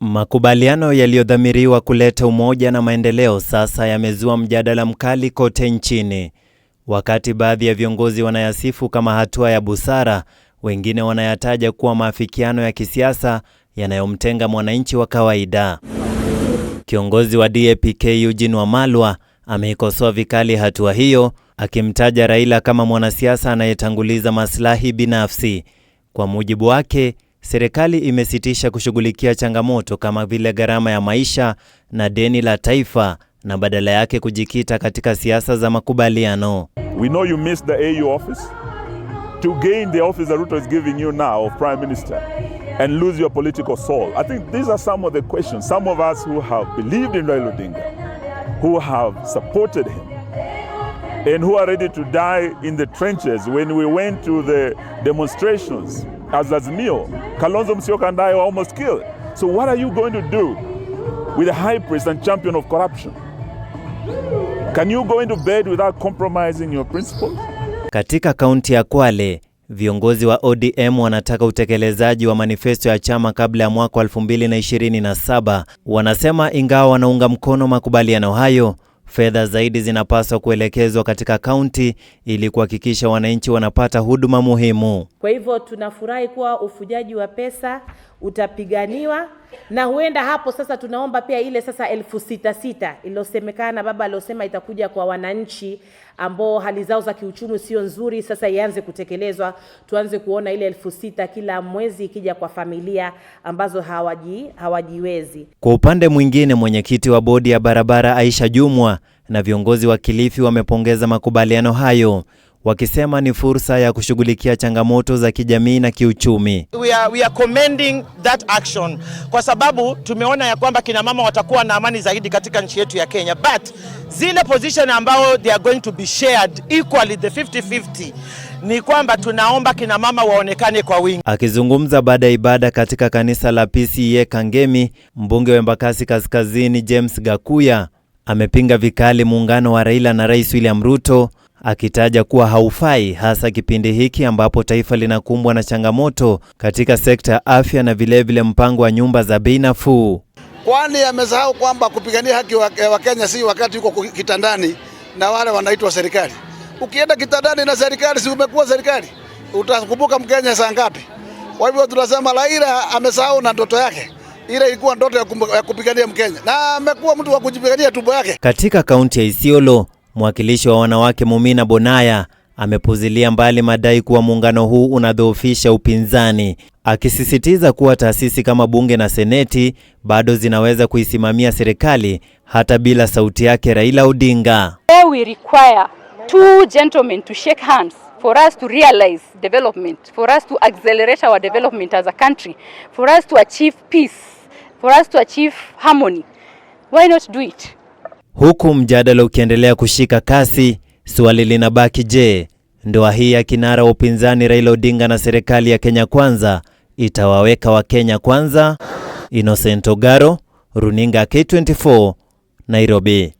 Makubaliano yaliyodhamiriwa kuleta umoja na maendeleo sasa yamezua mjadala mkali kote nchini. Wakati baadhi ya viongozi wanayasifu kama hatua ya busara, wengine wanayataja kuwa maafikiano ya kisiasa yanayomtenga mwananchi wa kawaida. Kiongozi wa DAP-K Eugene Wamalwa ameikosoa vikali hatua hiyo, akimtaja Raila kama mwanasiasa anayetanguliza maslahi binafsi. Kwa mujibu wake serikali imesitisha kushughulikia changamoto kama vile gharama ya maisha na deni la taifa na badala yake kujikita katika siasa za makubaliano. We know you miss the AU office to gain the office that Ruto is giving you now of Prime Minister and lose your political soul. I think these are some of the questions some of us who have believed in Raila Odinga, who have supported him and who are ready to die in the trenches when we went to the demonstrations as Azmio. Kalonzo Musyoka and I were almost killed. So what are you going to do with a high priest and champion of corruption? Can you go into bed without compromising your principles? Katika kaunti ya Kwale, viongozi wa ODM wanataka utekelezaji wa manifesto ya chama kabla ya mwaka 2027. Wanasema ingawa wanaunga mkono makubaliano hayo Fedha zaidi zinapaswa kuelekezwa katika kaunti ili kuhakikisha wananchi wanapata huduma muhimu. Kwa hivyo tunafurahi kuwa ufujaji wa pesa utapiganiwa na huenda hapo sasa tunaomba pia ile sasa elfu sita sita iliyosemekana baba aliosema itakuja kwa wananchi ambao hali zao za kiuchumi sio nzuri, sasa ianze kutekelezwa, tuanze kuona ile elfu sita kila mwezi ikija kwa familia ambazo hawaji hawajiwezi. Kwa upande mwingine, mwenyekiti wa bodi ya barabara Aisha Jumwa na viongozi wa Kilifi wamepongeza makubaliano hayo wakisema ni fursa ya kushughulikia changamoto za kijamii na kiuchumi. We are, we are commending that action kwa sababu tumeona ya kwamba kina mama watakuwa na amani zaidi katika nchi yetu ya Kenya, but zile position ambao they are going to be shared equally the 50-50 ni kwamba tunaomba kina mama waonekane kwa wingi. Akizungumza baada ya ibada katika kanisa la PCEA Kangemi, mbunge wa Embakasi Kaskazini James Gakuya amepinga vikali muungano wa Raila na Rais William Ruto akitaja kuwa haufai hasa kipindi hiki ambapo taifa linakumbwa na changamoto katika sekta ya afya na vilevile vile mpango wa nyumba za bei nafuu. Kwani amesahau kwamba kupigania haki wa Kenya si wakati uko kitandani na wale wanaitwa serikali. Ukienda kitandani na serikali, si umekuwa serikali, utakumbuka Mkenya saa ngapi? Kwa hivyo tunasema Raila amesahau na ndoto yake ile ilikuwa ndoto ya kupigania Mkenya na amekuwa mtu wa kujipigania tumbo yake. Katika kaunti ya Isiolo Mwakilishi wa wanawake Mumina Bonaya amepuzilia mbali madai kuwa muungano huu unadhoofisha upinzani, akisisitiza kuwa taasisi kama bunge na seneti bado zinaweza kuisimamia serikali hata bila sauti yake Raila Odinga. We require two gentlemen to shake hands for us to realize development, for us to accelerate our development as a country, for us to achieve peace, for us to achieve harmony. Why not do it? Huku mjadala ukiendelea kushika kasi, swali linabaki je, ndoa hii ya kinara wa upinzani Raila Odinga na serikali ya Kenya Kwanza itawaweka Wakenya kwanza? Innocent Ogaro, Runinga K24, Nairobi.